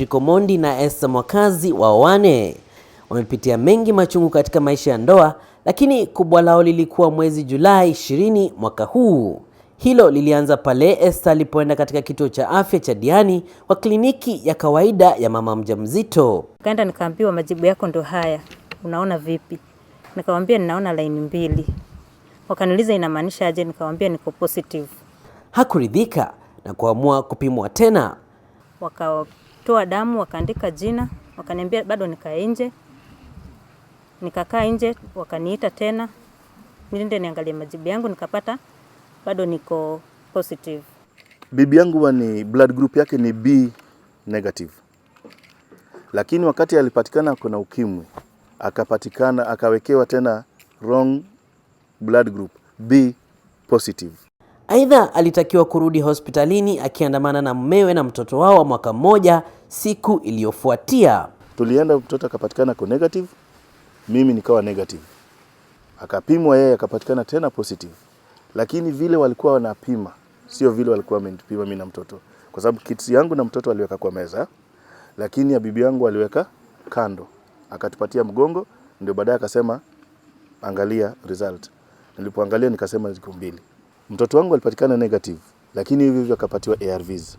Patrick Omondi na Esther Mwakazi waoane. Wamepitia mengi machungu katika maisha ya ndoa, lakini kubwa lao lilikuwa mwezi Julai 20 mwaka huu. Hilo lilianza pale Esther alipoenda katika kituo cha afya cha Diani kwa kliniki ya kawaida ya mama mjamzito. Kaenda nikaambiwa, majibu yako ndo haya, unaona vipi? Nikamwambia ninaona laini mbili. Wakaniuliza inamaanisha aje? Nikamwambia niko positive. Hakuridhika na kuamua kupimwa tena. Wakao Walitoa damu wakaandika jina, wakaniambia bado nikae nje. Nikakaa nje, wakaniita tena nilinde niangalie majibu yangu, nikapata bado niko positive. Bibi yangu ni blood group yake ni B negative, lakini wakati alipatikana kuna ukimwi akapatikana akawekewa tena wrong blood group B positive. Aidha, alitakiwa kurudi hospitalini akiandamana na mmewe na mtoto wao wa mwaka mmoja Siku iliyofuatia tulienda, mtoto akapatikana ko negative, mimi nikawa negative, akapimwa yeye akapatikana tena positive, lakini vile walikuwa wanapima sio vile walikuwa wamenipima mimi na mtoto, kwa sababu kits yangu na mtoto aliweka kwa meza, lakini ya bibi yangu aliweka kando, akatupatia mgongo, ndio baadaye akasema angalia result. Nilipoangalia nikasema ziko mbili. Mtoto wangu alipatikana negative, lakini hivi hivyo akapatiwa ARVs,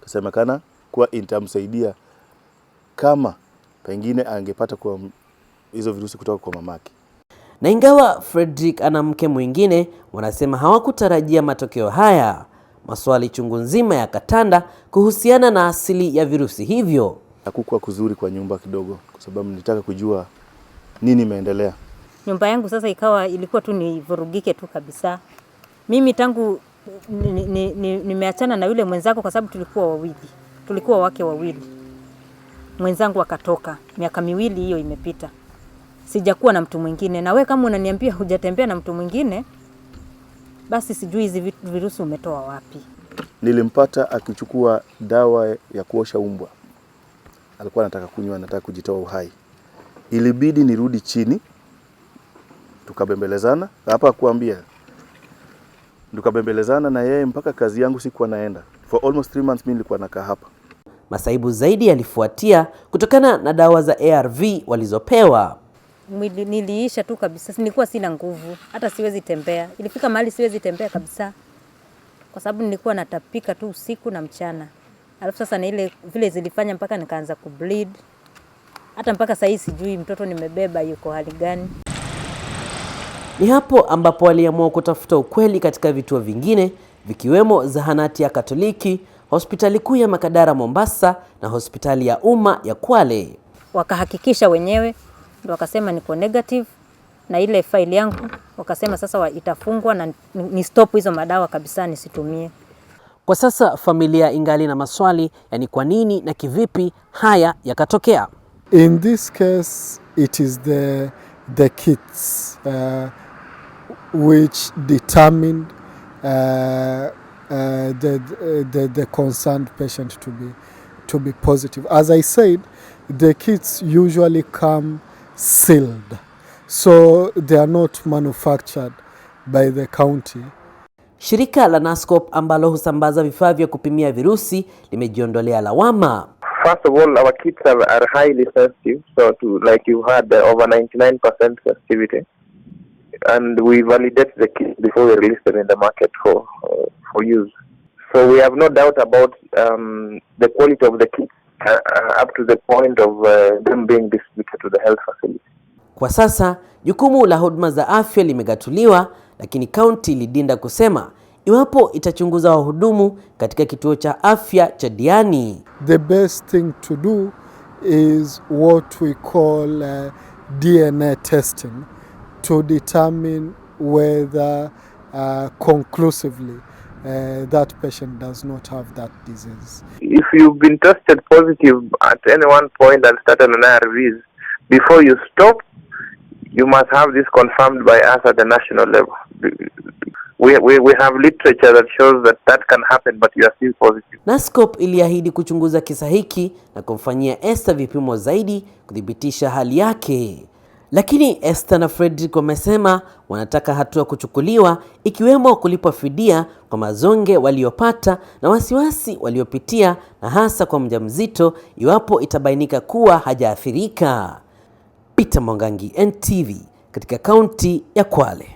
kasemekana kuwa itamsaidia kama pengine angepata kwa hizo virusi kutoka kwa mamake. Na ingawa Fredrick ana mke mwingine, wanasema hawakutarajia matokeo haya. Maswali chungu nzima ya Katanda kuhusiana na asili ya virusi hivyo. Hakukuwa kuzuri kwa nyumba kidogo, kwa sababu nilitaka kujua nini imeendelea. Nyumba yangu sasa ikawa ilikuwa tu nivurugike tu kabisa. Mimi tangu nimeachana ni, ni, ni na yule mwenzako kwa sababu tulikuwa wawili tulikuwa wake wawili, mwenzangu akatoka. Miaka miwili hiyo imepita, sijakuwa na mtu mwingine. Na we kama unaniambia hujatembea na mtu mwingine, basi sijui hizi virusi umetoa wapi. Nilimpata akichukua dawa ya kuosha umbwa, alikuwa anataka kunywa, anataka kujitoa uhai. Ilibidi nirudi chini, tukabembelezana hapa, kuambia tukabembelezana na yeye mpaka kazi yangu sikuwa naenda for almost 3 months. Mimi nilikuwa nakaa hapa. Masaibu zaidi yalifuatia kutokana na dawa za ARV walizopewa. Mwili niliisha tu kabisa, nilikuwa sina nguvu, hata siwezi tembea. Ilifika mahali siwezi tembea kabisa, kwa sababu nilikuwa natapika tu usiku na mchana. Alafu sasa na ile vile zilifanya mpaka nikaanza kubleed, hata mpaka sahii sijui mtoto nimebeba yuko hali gani. Ni hapo ambapo waliamua kutafuta ukweli katika vituo vingine vikiwemo zahanati ya Katoliki hospitali kuu ya Makadara Mombasa na hospitali ya umma ya Kwale. Wakahakikisha wenyewe ndio wakasema niko negative na ile faili yangu wakasema sasa itafungwa na ni stop hizo madawa kabisa nisitumie. Kwa sasa familia ingali na maswali, yani kwa nini na kivipi haya yakatokea? In this case it is the the kids uh, which determined uh, uh, the, the, the concerned patient to be, to be positive. As I said, the kits usually come sealed, so they are not manufactured by the county. Shirika la NASCOP ambalo husambaza vifaa vya kupimia virusi limejiondolea lawama. First of all, our kits are, are highly sensitive, so to, like you had uh, over 99% sensitivity. And we validate the kits before we release them in the market for uh, for use. So we have no doubt about um, the quality of the kit uh, uh, up to the point of uh, them being distributed to the health facility. Kwa sasa jukumu la huduma za afya limegatuliwa, lakini kaunti ilidinda kusema iwapo itachunguza wahudumu katika kituo cha afya cha Diani. The best thing to do is what we call uh, DNA testing to determine whether uh, conclusively uh, that patient does not have that disease. If you've been tested positive at any one point and started an ARVs, before you stop, you must have this confirmed by us at the national level. We, we, we have literature that shows that that can happen but you are still positive. NASCOP iliahidi kuchunguza kisa hiki na kumfanyia Esther vipimo zaidi kuthibitisha hali yake. Lakini Esther na Fredrick wamesema wanataka hatua kuchukuliwa ikiwemo kulipwa fidia kwa mazonge waliopata na wasiwasi waliopitia na hasa kwa mjamzito iwapo itabainika kuwa hajaathirika. Peter Mwangangi, NTV, katika kaunti ya Kwale.